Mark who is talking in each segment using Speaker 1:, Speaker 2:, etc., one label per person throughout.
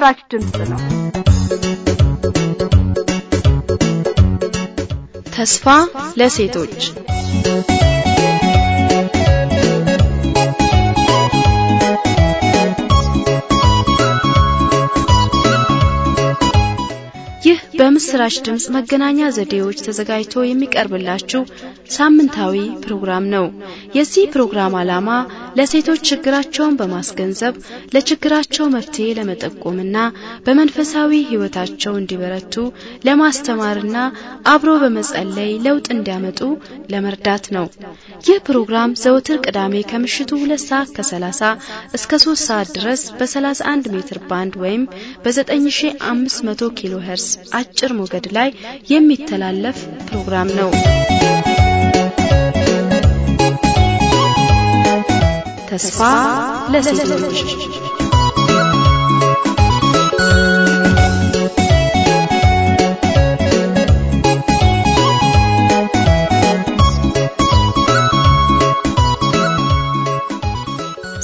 Speaker 1: የምስራች ድምፅ ነው። ተስፋ ለሴቶች ይህ በምስራች ድምጽ መገናኛ ዘዴዎች ተዘጋጅቶ የሚቀርብላችሁ ሳምንታዊ ፕሮግራም ነው። የዚህ ፕሮግራም ዓላማ ለሴቶች ችግራቸውን በማስገንዘብ ለችግራቸው መፍትሄ ለመጠቆምና በመንፈሳዊ ሕይወታቸው እንዲበረቱ ለማስተማርና አብሮ በመጸለይ ለውጥ እንዲያመጡ ለመርዳት ነው። ይህ ፕሮግራም ዘወትር ቅዳሜ ከምሽቱ 2 ሰዓት 30 እስከ 3 ሰዓት ድረስ በ31 ሜትር ባንድ ወይም በ9500 ኪሎ ሄርስ አጭር ሞገድ ላይ የሚተላለፍ ፕሮግራም ነው። ተስፋ ለሴቶች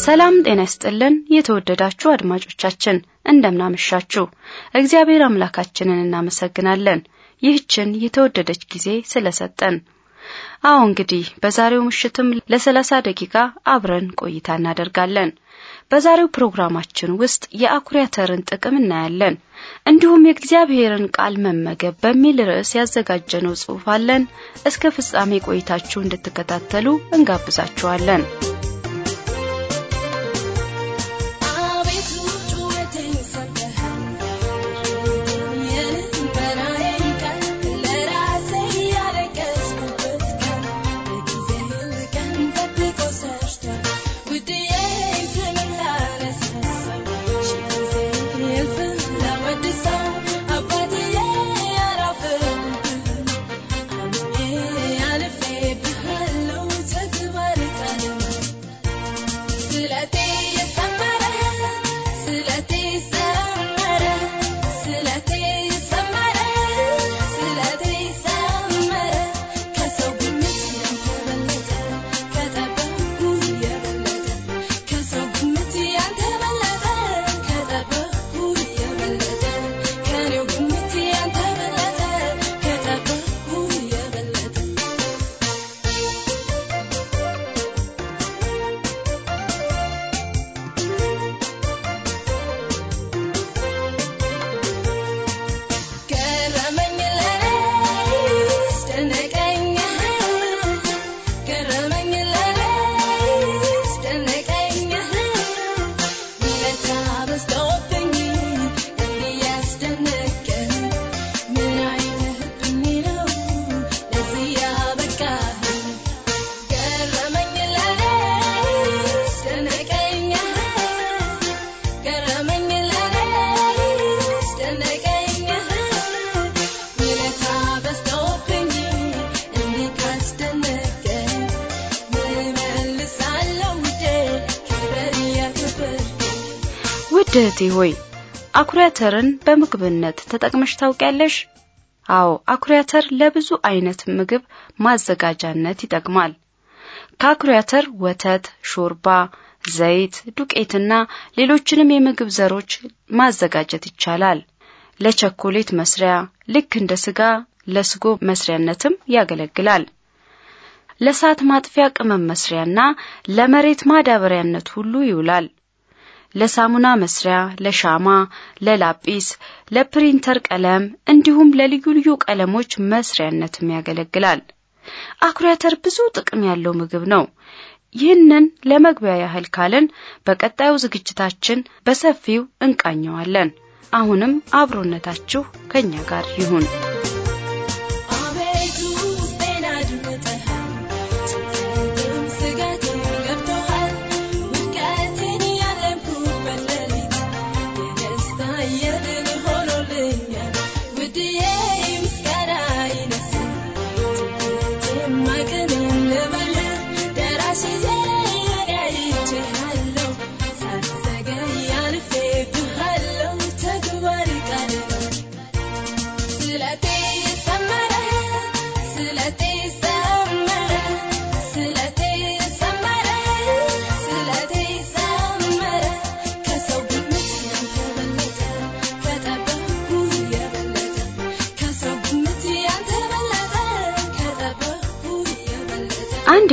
Speaker 1: ሰላም ጤና ይስጥልን። የተወደዳችሁ አድማጮቻችን እንደምናመሻችሁ፣ እግዚአብሔር አምላካችንን እናመሰግናለን። ይህችን የተወደደች ጊዜ ስለሰጠን አዎ እንግዲህ በዛሬው ምሽትም ለሰላሳ ደቂቃ አብረን ቆይታ እናደርጋለን። በዛሬው ፕሮግራማችን ውስጥ የአኩሪ አተርን ጥቅም እናያለን። እንዲሁም የእግዚአብሔርን ቃል መመገብ በሚል ርዕስ ያዘጋጀነው ጽሑፍ አለን። እስከ ፍጻሜ ቆይታችሁ እንድትከታተሉ እንጋብዛችኋለን። እናቴ ሆይ አኩሪ አተርን በምግብነት ተጠቅመሽ ታውቂያለሽ? አዎ፣ አኩሪ አተር ለብዙ አይነት ምግብ ማዘጋጃነት ይጠቅማል። ከአኩሪ አተር ወተት፣ ሾርባ፣ ዘይት፣ ዱቄትና ሌሎችንም የምግብ ዘሮች ማዘጋጀት ይቻላል። ለቸኮሌት መስሪያ ልክ እንደ ስጋ ለስጎ መስሪያነትም ያገለግላል። ለእሳት ማጥፊያ ቅመም መስሪያና ለመሬት ማዳበሪያነት ሁሉ ይውላል። ለሳሙና መስሪያ፣ ለሻማ፣ ለላጲስ፣ ለፕሪንተር ቀለም እንዲሁም ለልዩ ልዩ ቀለሞች መስሪያነትም ያገለግላል። አኩሪ አተር ብዙ ጥቅም ያለው ምግብ ነው። ይህንን ለመግቢያ ያህል ካልን በቀጣዩ ዝግጅታችን በሰፊው እንቃኘዋለን። አሁንም አብሮነታችሁ ከእኛ ጋር ይሁን።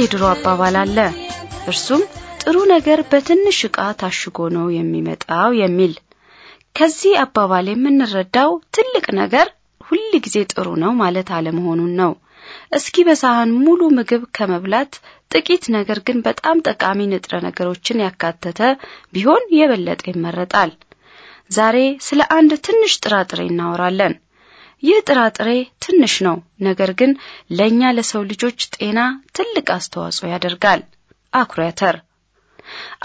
Speaker 1: የድሮ አባባል አለ። እርሱም ጥሩ ነገር በትንሽ ዕቃ ታሽጎ ነው የሚመጣው የሚል። ከዚህ አባባል የምንረዳው ትልቅ ነገር ሁል ጊዜ ጥሩ ነው ማለት አለመሆኑን ነው። እስኪ በሳህን ሙሉ ምግብ ከመብላት ጥቂት ነገር ግን በጣም ጠቃሚ ንጥረ ነገሮችን ያካተተ ቢሆን የበለጠ ይመረጣል። ዛሬ ስለ አንድ ትንሽ ጥራጥሬ እናወራለን። ይህ ጥራጥሬ ትንሽ ነው፣ ነገር ግን ለእኛ ለሰው ልጆች ጤና ትልቅ አስተዋጽኦ ያደርጋል። አኩሪ አተር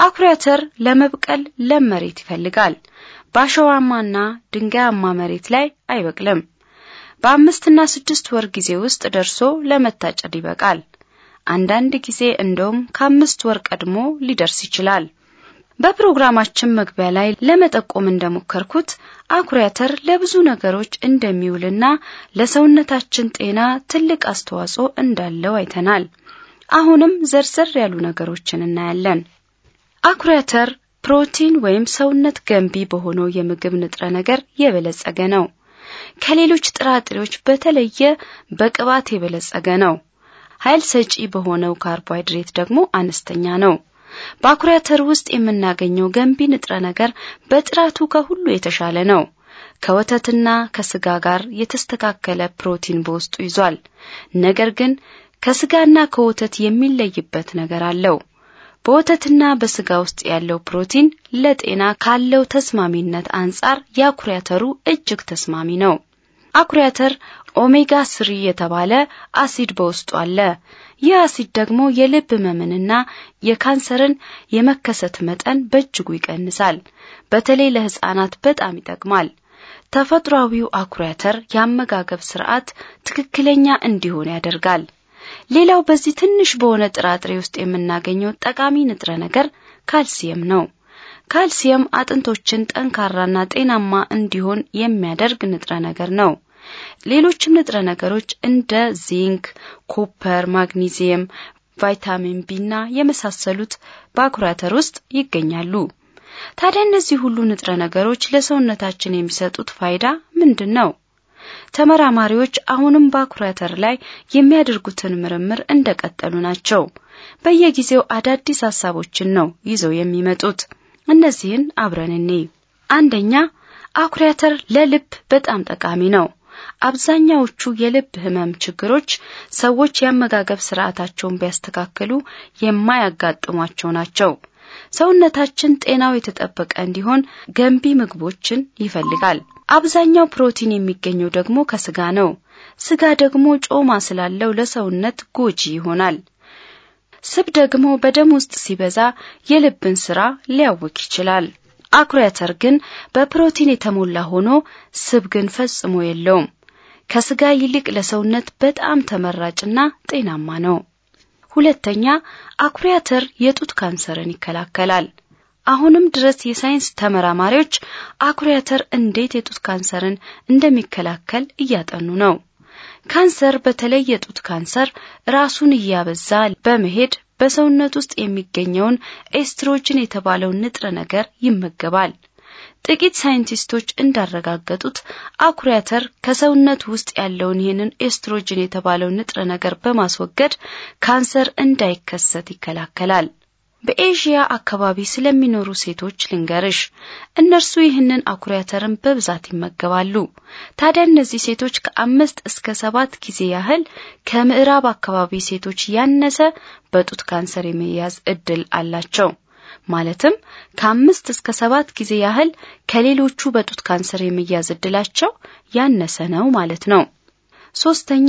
Speaker 1: አኩሪ አተር ለመብቀል ለም መሬት ይፈልጋል። በአሸዋማና ድንጋያማ መሬት ላይ አይበቅልም። በአምስትና ስድስት ወር ጊዜ ውስጥ ደርሶ ለመታጨድ ይበቃል። አንዳንድ ጊዜ እንደውም ከአምስት ወር ቀድሞ ሊደርስ ይችላል። በፕሮግራማችን መግቢያ ላይ ለመጠቆም እንደሞከርኩት አኩሪ አተር ለብዙ ነገሮች እንደሚውልና ለሰውነታችን ጤና ትልቅ አስተዋጽኦ እንዳለው አይተናል። አሁንም ዘርዘር ያሉ ነገሮችን እናያለን። አኩሪ አተር ፕሮቲን ወይም ሰውነት ገንቢ በሆነው የምግብ ንጥረ ነገር የበለጸገ ነው። ከሌሎች ጥራጥሬዎች በተለየ በቅባት የበለጸገ ነው። ኃይል ሰጪ በሆነው ካርቦሃይድሬት ደግሞ አነስተኛ ነው። በአኩሪ አተር ውስጥ የምናገኘው ገንቢ ንጥረ ነገር በጥራቱ ከሁሉ የተሻለ ነው። ከወተትና ከስጋ ጋር የተስተካከለ ፕሮቲን በውስጡ ይዟል። ነገር ግን ከስጋና ከወተት የሚለይበት ነገር አለው። በወተትና በስጋ ውስጥ ያለው ፕሮቲን ለጤና ካለው ተስማሚነት አንጻር የአኩሪ አተሩ እጅግ ተስማሚ ነው። አኩሪ አተር ኦሜጋ ስሪ የተባለ አሲድ በውስጡ አለ። ይህ አሲድ ደግሞ የልብ ህመምንና የካንሰርን የመከሰት መጠን በእጅጉ ይቀንሳል። በተለይ ለህፃናት በጣም ይጠቅማል። ተፈጥሯዊው አኩሪ አተር የአመጋገብ ስርዓት ትክክለኛ እንዲሆን ያደርጋል። ሌላው በዚህ ትንሽ በሆነ ጥራጥሬ ውስጥ የምናገኘው ጠቃሚ ንጥረ ነገር ካልሲየም ነው። ካልሲየም አጥንቶችን ጠንካራና ጤናማ እንዲሆን የሚያደርግ ንጥረ ነገር ነው። ሌሎችም ንጥረ ነገሮች እንደ ዚንክ፣ ኮፐር፣ ማግኒዚየም፣ ቫይታሚን ቢ እና የመሳሰሉት በአኩሪ አተር ውስጥ ይገኛሉ። ታዲያ እነዚህ ሁሉ ንጥረ ነገሮች ለሰውነታችን የሚሰጡት ፋይዳ ምንድን ነው? ተመራማሪዎች አሁንም በአኩሪ አተር ላይ የሚያደርጉትን ምርምር እንደቀጠሉ ናቸው። በየጊዜው አዳዲስ ሀሳቦችን ነው ይዘው የሚመጡት። እነዚህን አብረን አንደኛ አኩሪ አተር ለልብ በጣም ጠቃሚ ነው። አብዛኛዎቹ የልብ ህመም ችግሮች ሰዎች የአመጋገብ ስርዓታቸውን ቢያስተካክሉ የማያጋጥሟቸው ናቸው። ሰውነታችን ጤናው የተጠበቀ እንዲሆን ገንቢ ምግቦችን ይፈልጋል። አብዛኛው ፕሮቲን የሚገኘው ደግሞ ከስጋ ነው። ስጋ ደግሞ ጮማ ስላለው ለሰውነት ጎጂ ይሆናል። ስብ ደግሞ በደም ውስጥ ሲበዛ የልብን ስራ ሊያውክ ይችላል። አኩሪ አተር ግን በፕሮቲን የተሞላ ሆኖ ስብ ግን ፈጽሞ የለውም። ከስጋ ይልቅ ለሰውነት በጣም ተመራጭና ጤናማ ነው። ሁለተኛ አኩሪ አተር የጡት ካንሰርን ይከላከላል። አሁንም ድረስ የሳይንስ ተመራማሪዎች አኩሪ አተር እንዴት የጡት ካንሰርን እንደሚከላከል እያጠኑ ነው። ካንሰር በተለይ የጡት ካንሰር ራሱን እያበዛ በመሄድ በሰውነት ውስጥ የሚገኘውን ኤስትሮጅን የተባለውን ንጥረ ነገር ይመገባል። ጥቂት ሳይንቲስቶች እንዳረጋገጡት አኩሪ አተር ከሰውነት ውስጥ ያለውን ይህንን ኤስትሮጅን የተባለውን ንጥረ ነገር በማስወገድ ካንሰር እንዳይከሰት ይከላከላል። በኤዥያ አካባቢ ስለሚኖሩ ሴቶች ልንገርሽ፣ እነርሱ ይህንን አኩሪ አተርን በብዛት ይመገባሉ። ታዲያ እነዚህ ሴቶች ከአምስት እስከ ሰባት ጊዜ ያህል ከምዕራብ አካባቢ ሴቶች ያነሰ በጡት ካንሰር የመያዝ እድል አላቸው። ማለትም ከአምስት እስከ ሰባት ጊዜ ያህል ከሌሎቹ በጡት ካንሰር የመያዝ እድላቸው ያነሰ ነው ማለት ነው። ሶስተኛ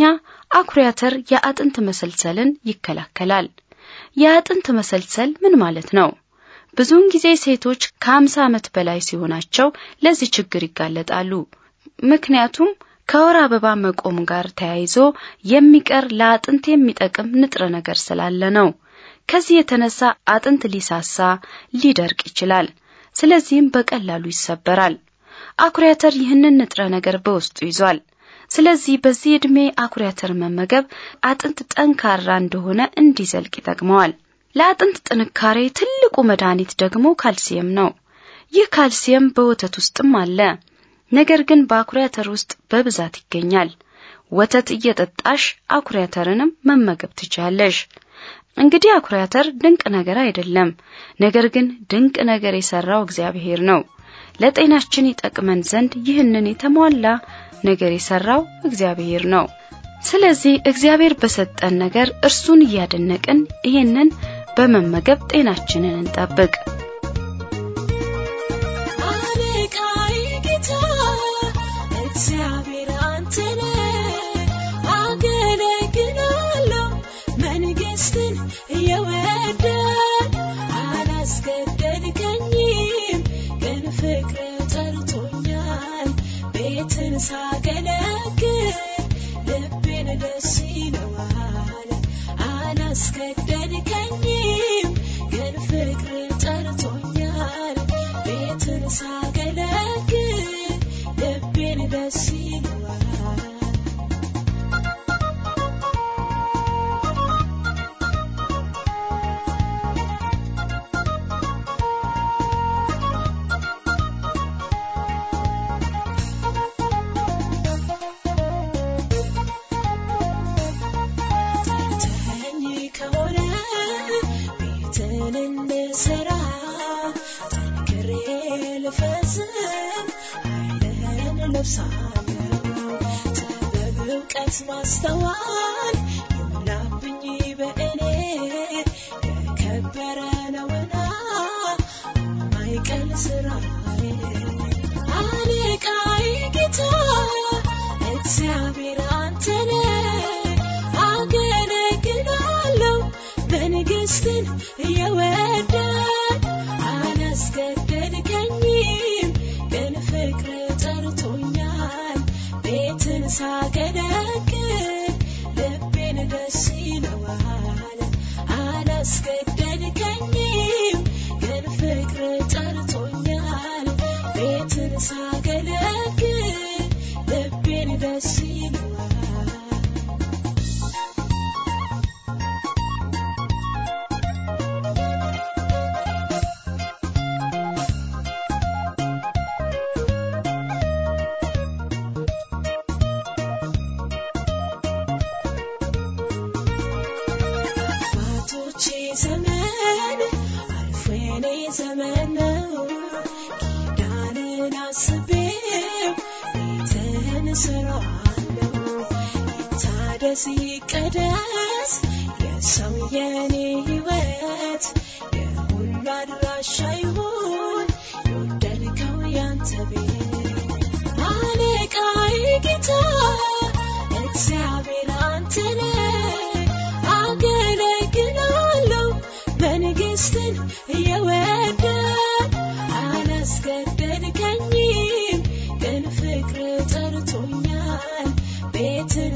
Speaker 1: አኩሪ አተር የአጥንት መሰልሰልን ይከላከላል። የአጥንት መሰልሰል ምን ማለት ነው? ብዙውን ጊዜ ሴቶች ከአምሳ ዓመት በላይ ሲሆናቸው ለዚህ ችግር ይጋለጣሉ። ምክንያቱም ከወር አበባ መቆም ጋር ተያይዞ የሚቀር ለአጥንት የሚጠቅም ንጥረ ነገር ስላለ ነው። ከዚህ የተነሳ አጥንት ሊሳሳ ሊደርቅ ይችላል። ስለዚህም በቀላሉ ይሰበራል። አኩሪ አተር ይህንን ንጥረ ነገር በውስጡ ይዟል። ስለዚህ በዚህ ዕድሜ አኩሪ አተር መመገብ አጥንት ጠንካራ እንደሆነ እንዲዘልቅ ይጠቅመዋል። ለአጥንት ጥንካሬ ትልቁ መድኃኒት ደግሞ ካልሲየም ነው። ይህ ካልሲየም በወተት ውስጥም አለ፣ ነገር ግን በአኩሪ አተር ውስጥ በብዛት ይገኛል። ወተት እየጠጣሽ አኩሪ አተርንም መመገብ ትችያለሽ። እንግዲህ አኩሪ አተር ድንቅ ነገር አይደለም፣ ነገር ግን ድንቅ ነገር የሰራው እግዚአብሔር ነው። ለጤናችን ይጠቅመን ዘንድ ይህንን የተሟላ ነገር የሰራው እግዚአብሔር ነው። ስለዚህ እግዚአብሔር በሰጠን ነገር እርሱን እያደነቅን ይህንን በመመገብ ጤናችንን እንጠብቅ።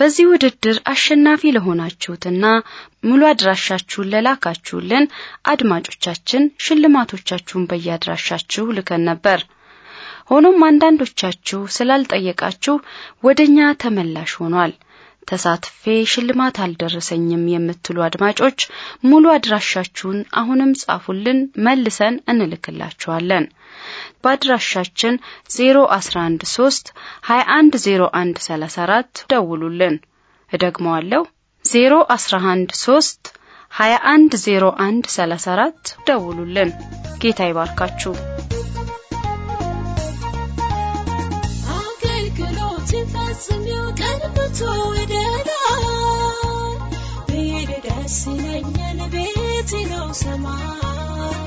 Speaker 1: በዚህ ውድድር አሸናፊ ለሆናችሁትና ሙሉ አድራሻችሁን ለላካችሁልን አድማጮቻችን ሽልማቶቻችሁን በየአድራሻችሁ ልከን ነበር። ሆኖም አንዳንዶቻችሁ ስላልጠየቃችሁ ወደኛ ተመላሽ ሆኗል። ተሳትፌ ሽልማት አልደረሰኝም የምትሉ አድማጮች ሙሉ አድራሻችሁን አሁንም ጻፉልን፣ መልሰን እንልክላችኋለን። በአድራሻችን 0113 2101 34 ደውሉልን። እደግመዋለሁ 0113 34 ደውሉልን። ጌታ ይባርካችሁ።
Speaker 2: አገልግሎትን ፈጽሜው ነው ሰማይ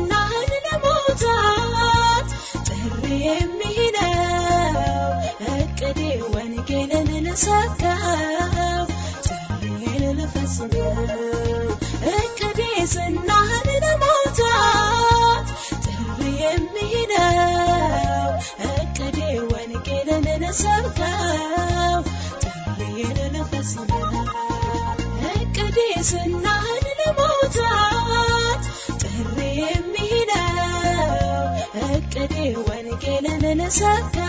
Speaker 2: تكاو تهيل نفسنا እከቤስና ለሞታት ትር የሚነው እቅዴ ወንጌልን ንሰብከው ትርዬን ንፈጽመ እቅዴ ስናህን ለሞታት ትር የሚነው እቅዴ ወንጌልን ንሰብከ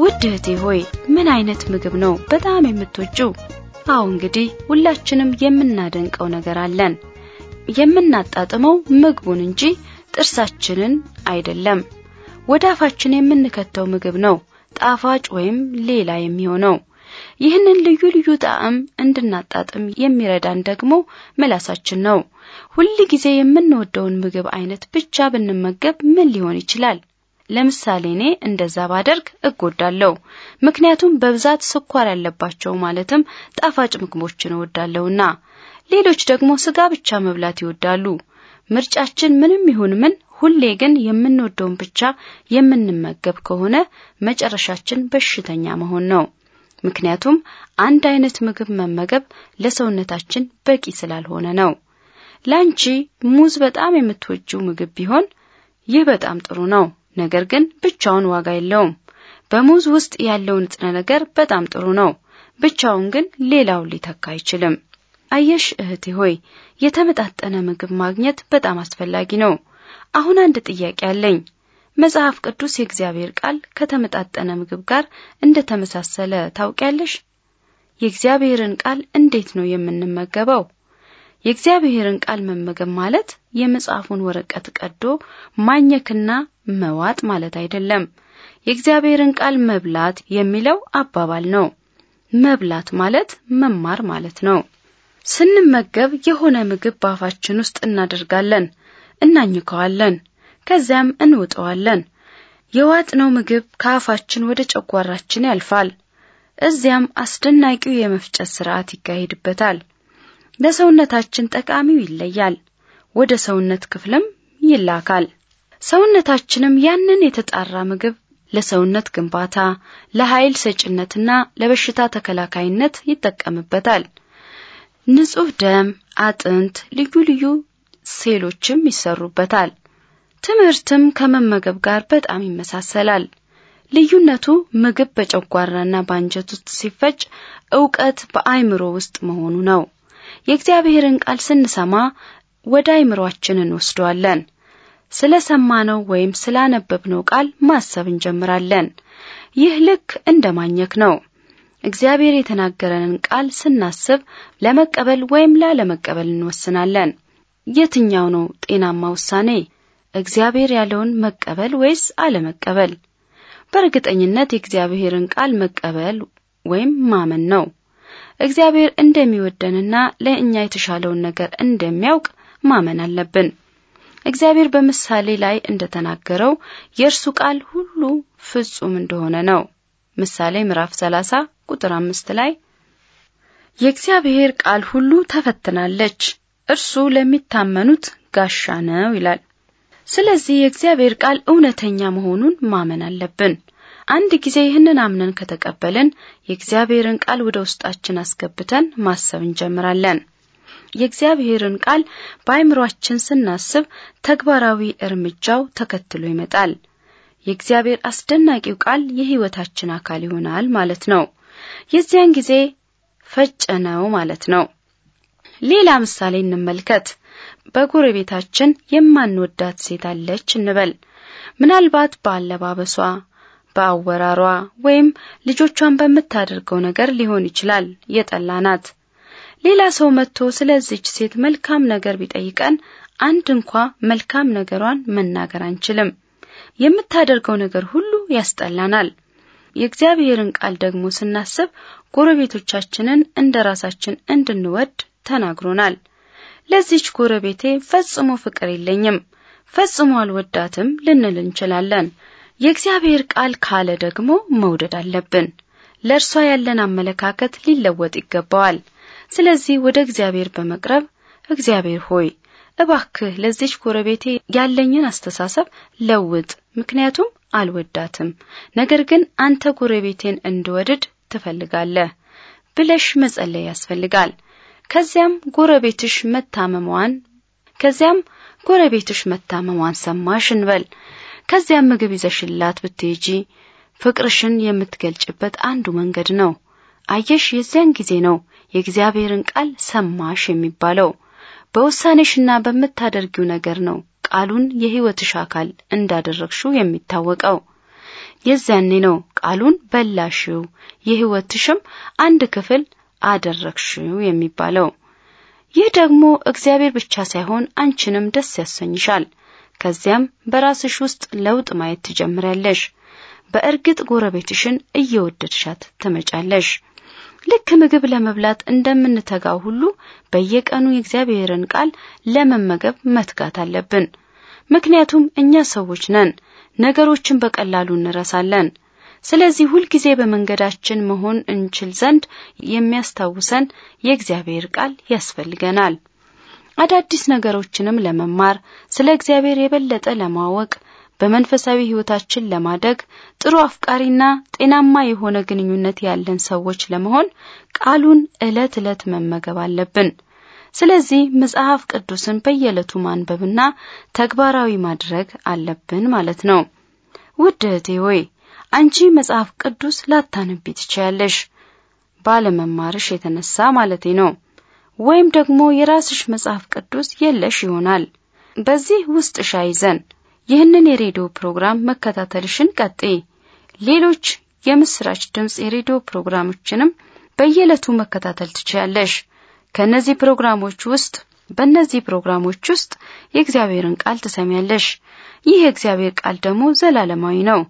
Speaker 1: ውድ እህቴ ሆይ ምን አይነት ምግብ ነው በጣም የምትወጪው? አዎ እንግዲህ ሁላችንም የምናደንቀው ነገር አለን። የምናጣጥመው ምግቡን እንጂ ጥርሳችንን አይደለም። ወደ አፋችን የምንከተው ምግብ ነው ጣፋጭ ወይም ሌላ የሚሆነው። ይህንን ልዩ ልዩ ጣዕም እንድናጣጥም የሚረዳን ደግሞ ምላሳችን ነው። ሁል ጊዜ የምንወደውን ምግብ አይነት ብቻ ብንመገብ ምን ሊሆን ይችላል? ለምሳሌ እኔ እንደዛ ባደርግ እጎዳለሁ። ምክንያቱም በብዛት ስኳር ያለባቸው ማለትም ጣፋጭ ምግቦችን እወዳለሁና። ሌሎች ደግሞ ስጋ ብቻ መብላት ይወዳሉ። ምርጫችን ምንም ይሁን ምን ሁሌ ግን የምንወደውን ብቻ የምንመገብ ከሆነ መጨረሻችን በሽተኛ መሆን ነው። ምክንያቱም አንድ አይነት ምግብ መመገብ ለሰውነታችን በቂ ስላልሆነ ነው። ላንቺ ሙዝ በጣም የምትወጂው ምግብ ቢሆን ይህ በጣም ጥሩ ነው። ነገር ግን ብቻውን ዋጋ የለውም። በሙዝ ውስጥ ያለው ንጥረ ነገር በጣም ጥሩ ነው፣ ብቻውን ግን ሌላውን ሊተካ አይችልም። አየሽ እህቴ ሆይ የተመጣጠነ ምግብ ማግኘት በጣም አስፈላጊ ነው። አሁን አንድ ጥያቄ አለኝ። መጽሐፍ ቅዱስ የእግዚአብሔር ቃል ከተመጣጠነ ምግብ ጋር እንደተመሳሰለ ታውቂያለሽ? የእግዚአብሔርን ቃል እንዴት ነው የምንመገበው? የእግዚአብሔርን ቃል መመገብ ማለት የመጽሐፉን ወረቀት ቀዶ ማኘክና መዋጥ ማለት አይደለም። የእግዚአብሔርን ቃል መብላት የሚለው አባባል ነው። መብላት ማለት መማር ማለት ነው። ስንመገብ የሆነ ምግብ በአፋችን ውስጥ እናደርጋለን፣ እናኝከዋለን፣ ከዚያም እንውጠዋለን። የዋጥነው ምግብ ከአፋችን ወደ ጨጓራችን ያልፋል። እዚያም አስደናቂው የመፍጨት ስርዓት ይካሄድበታል። ለሰውነታችን ጠቃሚው ይለያል፣ ወደ ሰውነት ክፍልም ይላካል። ሰውነታችንም ያንን የተጣራ ምግብ ለሰውነት ግንባታ፣ ለኃይል ሰጭነትና ለበሽታ ተከላካይነት ይጠቀምበታል። ንጹህ ደም፣ አጥንት፣ ልዩ ልዩ ሴሎችም ይሰሩበታል። ትምህርትም ከመመገብ ጋር በጣም ይመሳሰላል። ልዩነቱ ምግብ በጨጓራና በአንጀት ውስጥ ሲፈጭ እውቀት በአእምሮ ውስጥ መሆኑ ነው። የእግዚአብሔርን ቃል ስንሰማ ወደ አይምሮአችን እንወስደዋለን። ስለ ሰማነው ወይም ስላነበብነው ቃል ማሰብ እንጀምራለን። ይህ ልክ እንደ ማኘክ ነው። እግዚአብሔር የተናገረንን ቃል ስናስብ ለመቀበል ወይም ላለመቀበል እንወስናለን። የትኛው ነው ጤናማ ውሳኔ? እግዚአብሔር ያለውን መቀበል ወይስ አለመቀበል? በእርግጠኝነት የእግዚአብሔርን ቃል መቀበል ወይም ማመን ነው። እግዚአብሔር እንደሚወደንና ለእኛ የተሻለውን ነገር እንደሚያውቅ ማመን አለብን። እግዚአብሔር በምሳሌ ላይ እንደተናገረው የእርሱ ቃል ሁሉ ፍጹም እንደሆነ ነው። ምሳሌ ምዕራፍ 30 ቁጥር 5 ላይ የእግዚአብሔር ቃል ሁሉ ተፈትናለች፣ እርሱ ለሚታመኑት ጋሻ ነው ይላል። ስለዚህ የእግዚአብሔር ቃል እውነተኛ መሆኑን ማመን አለብን። አንድ ጊዜ ይህንን አምነን ከተቀበልን የእግዚአብሔርን ቃል ወደ ውስጣችን አስገብተን ማሰብ እንጀምራለን። የእግዚአብሔርን ቃል በአይምሯችን ስናስብ ተግባራዊ እርምጃው ተከትሎ ይመጣል። የእግዚአብሔር አስደናቂው ቃል የሕይወታችን አካል ይሆናል ማለት ነው። የዚያን ጊዜ ፈጨነው ማለት ነው። ሌላ ምሳሌ እንመልከት። በጎረቤታችን የማንወዳት ሴት አለች እንበል። ምናልባት በአለባበሷ፣ በአወራሯ ወይም ልጆቿን በምታደርገው ነገር ሊሆን ይችላል የጠላናት። ሌላ ሰው መጥቶ ስለዚች ሴት መልካም ነገር ቢጠይቀን አንድ እንኳ መልካም ነገሯን መናገር አንችልም። የምታደርገው ነገር ሁሉ ያስጠላናል። የእግዚአብሔርን ቃል ደግሞ ስናስብ ጎረቤቶቻችንን እንደ ራሳችን እንድንወድ ተናግሮናል። ለዚች ጎረቤቴ ፈጽሞ ፍቅር የለኝም፣ ፈጽሞ አልወዳትም ልንል እንችላለን። የእግዚአብሔር ቃል ካለ ደግሞ መውደድ አለብን። ለእርሷ ያለን አመለካከት ሊለወጥ ይገባዋል። ስለዚህ ወደ እግዚአብሔር በመቅረብ እግዚአብሔር ሆይ እባክህ ለዚች ጎረቤቴ ያለኝን አስተሳሰብ ለውጥ፣ ምክንያቱም አልወዳትም። ነገር ግን አንተ ጎረቤቴን እንድወድድ ትፈልጋለህ ብለሽ መጸለይ ያስፈልጋል። ከዚያም ጎረቤትሽ መታመሟን ከዚያም ጎረቤትሽ መታመሟን ሰማሽ እንበል። ከዚያም ምግብ ይዘሽላት ብትሄጂ ፍቅርሽን የምትገልጭበት አንዱ መንገድ ነው። አየሽ፣ የዚያን ጊዜ ነው የእግዚአብሔርን ቃል ሰማሽ የሚባለው። በውሳኔሽና በምታደርጊው ነገር ነው ቃሉን የሕይወትሽ አካል እንዳደረግሽው የሚታወቀው። የዚያኔ ነው ቃሉን በላሽው የሕይወትሽም አንድ ክፍል አደረግሽው የሚባለው። ይህ ደግሞ እግዚአብሔር ብቻ ሳይሆን አንቺንም ደስ ያሰኝሻል። ከዚያም በራስሽ ውስጥ ለውጥ ማየት ትጀምሪያለሽ። በእርግጥ ጎረቤትሽን እየወደድሻት ትመጫለሽ። ልክ ምግብ ለመብላት እንደምንተጋው ሁሉ በየቀኑ የእግዚአብሔርን ቃል ለመመገብ መትጋት አለብን። ምክንያቱም እኛ ሰዎች ነን፣ ነገሮችን በቀላሉ እንረሳለን። ስለዚህ ሁልጊዜ በመንገዳችን መሆን እንችል ዘንድ የሚያስታውሰን የእግዚአብሔር ቃል ያስፈልገናል። አዳዲስ ነገሮችንም ለመማር ስለ እግዚአብሔር የበለጠ ለማወቅ በመንፈሳዊ ሕይወታችን ለማደግ ጥሩ አፍቃሪና ጤናማ የሆነ ግንኙነት ያለን ሰዎች ለመሆን ቃሉን ዕለት ዕለት መመገብ አለብን። ስለዚህ መጽሐፍ ቅዱስን በየዕለቱ ማንበብና ተግባራዊ ማድረግ አለብን ማለት ነው። ውድ እህቴ ሆይ አንቺ መጽሐፍ ቅዱስ ላታነቢ ትችያለሽ፣ ባለመማርሽ የተነሳ ማለቴ ነው። ወይም ደግሞ የራስሽ መጽሐፍ ቅዱስ የለሽ ይሆናል። በዚህ ውስጥ ሻይዘን ይህንን የሬዲዮ ፕሮግራም መከታተልሽን ቀጥይ። ሌሎች የምስራች ድምፅ የሬዲዮ ፕሮግራሞችንም በየዕለቱ መከታተል ትችያለሽ። ከእነዚህ ፕሮግራሞች ውስጥ በእነዚህ ፕሮግራሞች ውስጥ የእግዚአብሔርን ቃል ትሰሚያለሽ። ይህ የእግዚአብሔር ቃል ደግሞ ዘላለማዊ ነው።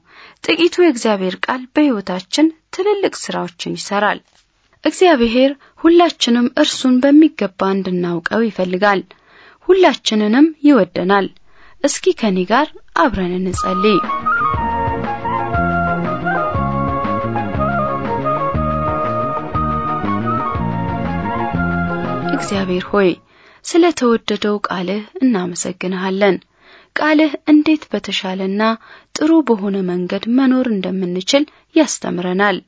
Speaker 1: ጥቂቱ የእግዚአብሔር ቃል በሕይወታችን ትልልቅ ስራዎችን ይሰራል። እግዚአብሔር ሁላችንም እርሱን በሚገባ እንድናውቀው ይፈልጋል። ሁላችንንም ይወደናል። እስኪ ከኔ ጋር አብረን እንጸልይ። እግዚአብሔር ሆይ ስለ ተወደደው ቃልህ እናመሰግንሃለን። ቃልህ እንዴት በተሻለና ጥሩ በሆነ መንገድ መኖር እንደምንችል ያስተምረናል።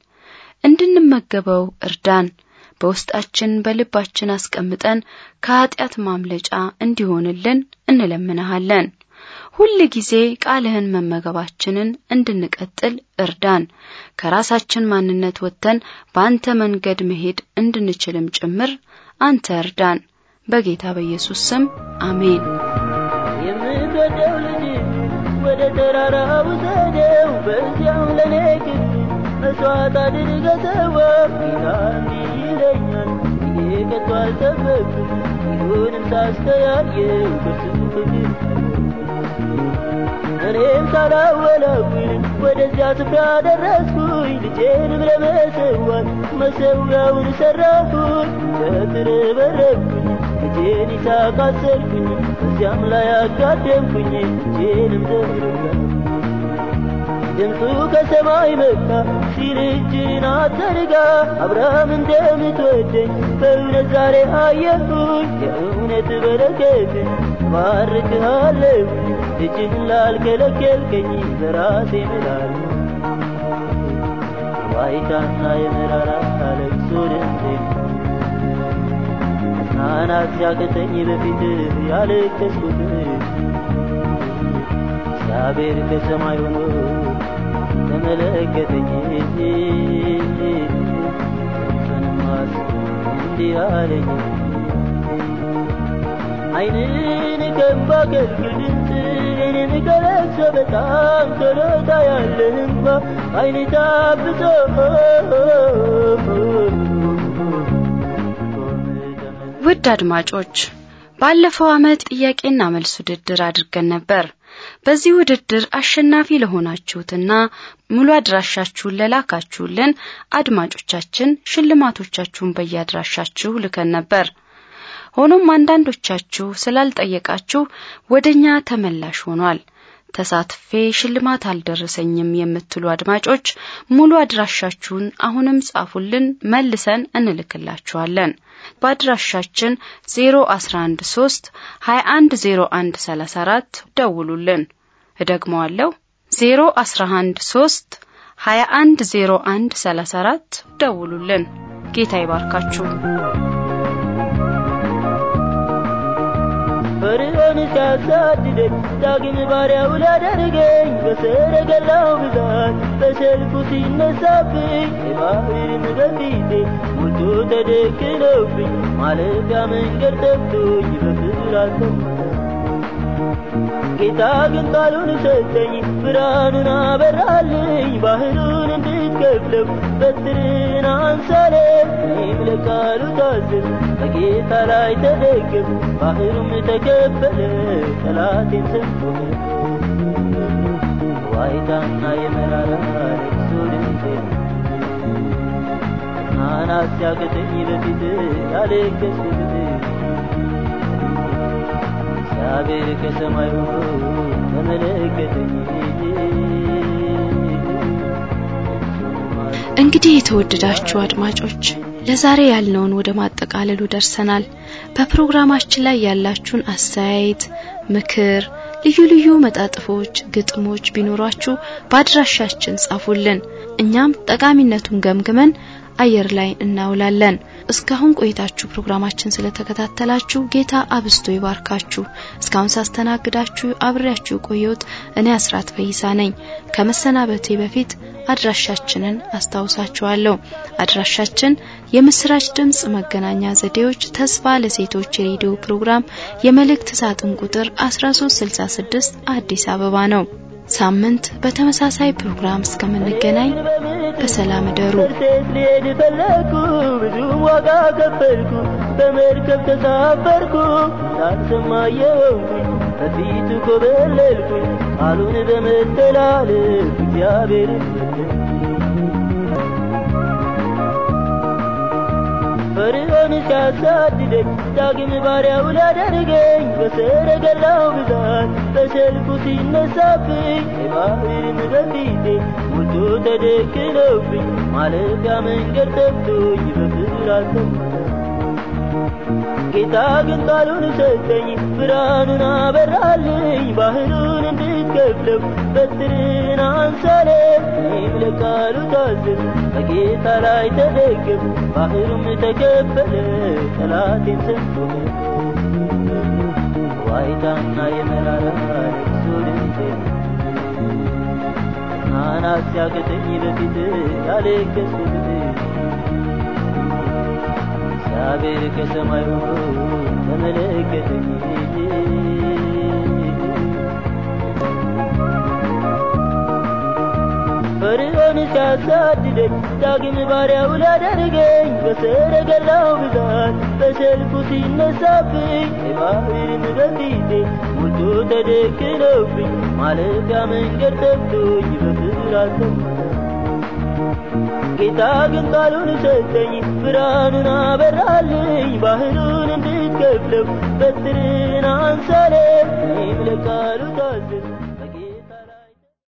Speaker 1: እንድንመገበው እርዳን። በውስጣችን በልባችን አስቀምጠን ከኀጢአት ማምለጫ እንዲሆንልን እንለምንሃለን። ሁል ጊዜ ቃልህን መመገባችንን እንድንቀጥል እርዳን። ከራሳችን ማንነት ወጥተን በአንተ መንገድ መሄድ እንድንችልም ጭምር አንተ እርዳን። በጌታ በኢየሱስ ስም አሜን።
Speaker 3: የምትወደው ልጅ ወደ ተራራ ውሰደው፣ ለኔ ለእኔ እሷት አድርገ ተወፊታ ይለኛል እኔ ከቶ አልጠበቅም ይሁንም ሳስተያየው በስሙ ፍቅር እኔም ሳላወላውል ወደዚያ ስፍራ ደረስኩኝ ልጄንም ለመሰዋት መሰዊያውን ሰራኩኝ በትር በረብኩኝ ልጄን ይሳቅ አሰርኩኝ እዚያም ላይ አጋደምኩኝ ልጄንም ዘርጋ ድምፁ ከሰማይ መጣ ሲል እጅህን አትዘርጋ አብርሃም እንደምትወደኝ በእውነት ዛሬ አየሁኝ የእውነት በረከት ባርክሃለሁ ልጅህን ላልከለከልከኝ በራሴ ምላለሁ ዋይታና የመራራ አለቅሶ ድምፄ መጽናናት ሲያቅተኝ በፊትህ እግዚአብሔር ከሰማይ ሆኖ እንዲህ አለኝ አይንን እኔን ከለሰ በጣም አይን ታብሶ
Speaker 1: ውድ አድማጮች ባለፈው ዓመት ጥያቄና መልስ ውድድር አድርገን ነበር በዚህ ውድድር አሸናፊ ለሆናችሁትና ሙሉ አድራሻችሁን ለላካችሁልን አድማጮቻችን ሽልማቶቻችሁን በየአድራሻችሁ ልከን ነበር። ሆኖም አንዳንዶቻችሁ ስላልጠየቃችሁ ወደኛ ተመላሽ ሆኗል። ተሳትፌ ሽልማት አልደረሰኝም የምትሉ አድማጮች ሙሉ አድራሻችሁን አሁንም ጻፉልን፣ መልሰን እንልክላችኋለን። በአድራሻችን 0113 34 ደውሉልን። እደግመዋለሁ 0113 34 ደውሉልን። ጌታ ይባርካችሁ። ፍቅርን ሲያሳድደኝ ዳግም ባሪያው
Speaker 3: ላደርገኝ በሰረገላው ብዛት በሸልኩ ሲነሳብኝ የባህር ንገፊቴ ሞልቶ ተደክለውብኝ ማለፊያ መንገድ ጠፍቶኝ በፍራት ተማረ ጌታ ግን ቃሉን ሰጠኝ ብርሃኑን አበራልኝ ባህሩን እንድትከፍለው በትርን አንሳለ እኔም ለቃሉ ታዘዝ በጌታ ላይ ተደገፍ ባህሩም ተከፈለ ጠላቴን ሰንፎነ ዋይታና የመራራ ልቅሶ ድምፅ ማናት በፊት ያለቀስኩት እግዚአብሔር ከሰማዩ ተመለከተኝ።
Speaker 1: እንግዲህ የተወደዳችሁ አድማጮች ለዛሬ ያልነውን ወደ ማጠቃለሉ ደርሰናል። በፕሮግራማችን ላይ ያላችሁን አስተያየት፣ ምክር፣ ልዩ ልዩ መጣጥፎች፣ ግጥሞች ቢኖራችሁ በአድራሻችን ጻፉልን። እኛም ጠቃሚነቱን ገምግመን አየር ላይ እናውላለን። እስካሁን ቆይታችሁ ፕሮግራማችን ስለተከታተላችሁ ጌታ አብስቶ ይባርካችሁ። እስካሁን ሳስተናግዳችሁ አብሬያችሁ ቆየሁት እኔ አስራት ፈይሳ ነኝ። ከመሰናበቴ በፊት አድራሻችንን አስታውሳችኋለሁ። አድራሻችን የምስራች ድምጽ መገናኛ ዘዴዎች ተስፋ ለሴቶች የሬዲዮ ፕሮግራም የመልእክት ሳጥን ቁጥር 1366 አዲስ አበባ ነው። ሳምንት በተመሳሳይ ፕሮግራም እስከምንገናኝ በሰላም እደሩ።
Speaker 3: ልሄድ ፈለግኩ ብዙ ዋጋ ከፈልኩ በመርከብ
Speaker 1: ተሳፈርኩ
Speaker 3: ሳልሰማ በፊቱ ኮበለልኩኝ ቃሉን በመተላለፍ እግዚአብሔርን ፈርዖን ሲያሳድደኝ ዳግም ባሪያው ሊያደርገኝ በሰረገላው ብዛት በሰልፉ ሲነሳብኝ የባህርን በፊቴ ሞልቶ ተደክለውብኝ ማለፊያ መንገድ ጠፍቶኝ በፍራት ጌታ ግን ቃሉን ሰጠኝ ብርሃኑን አበራልኝ ባህሩን እንድትከፍለው በትርን አንሳለ እኔም ለቃሉ ታዘዝ በጌታ ላይ ተደገፍ ባህሩም ተከፈለ ጠላቴን ሰንፎ ዋይታና የመራራ ልቅሶ ድምፅ ናናት ሲያቅተኝ በፊት ያለቀስኩበት እግዚአብሔር ከሰማዩ ተመለከተኝ ፈርዖን ሲያሳድደኝ ዳግም ባሪያው ላደርገኝ በሰረገላው ብዛት በሰልፉ ሲነሳብኝ የባህርን በፊቴ ሞልቶ ተደክኖብኝ ማለፊያ መንገድ ተብቶኝ በፍራት ተማ ጌታ ግን ቃሉን ሰጠኝ ብርሃኑን አበራልኝ ባህሉን እንድትከፍለው በትርን አንሳለ እኔም ለቃሉ ታዘዝኩ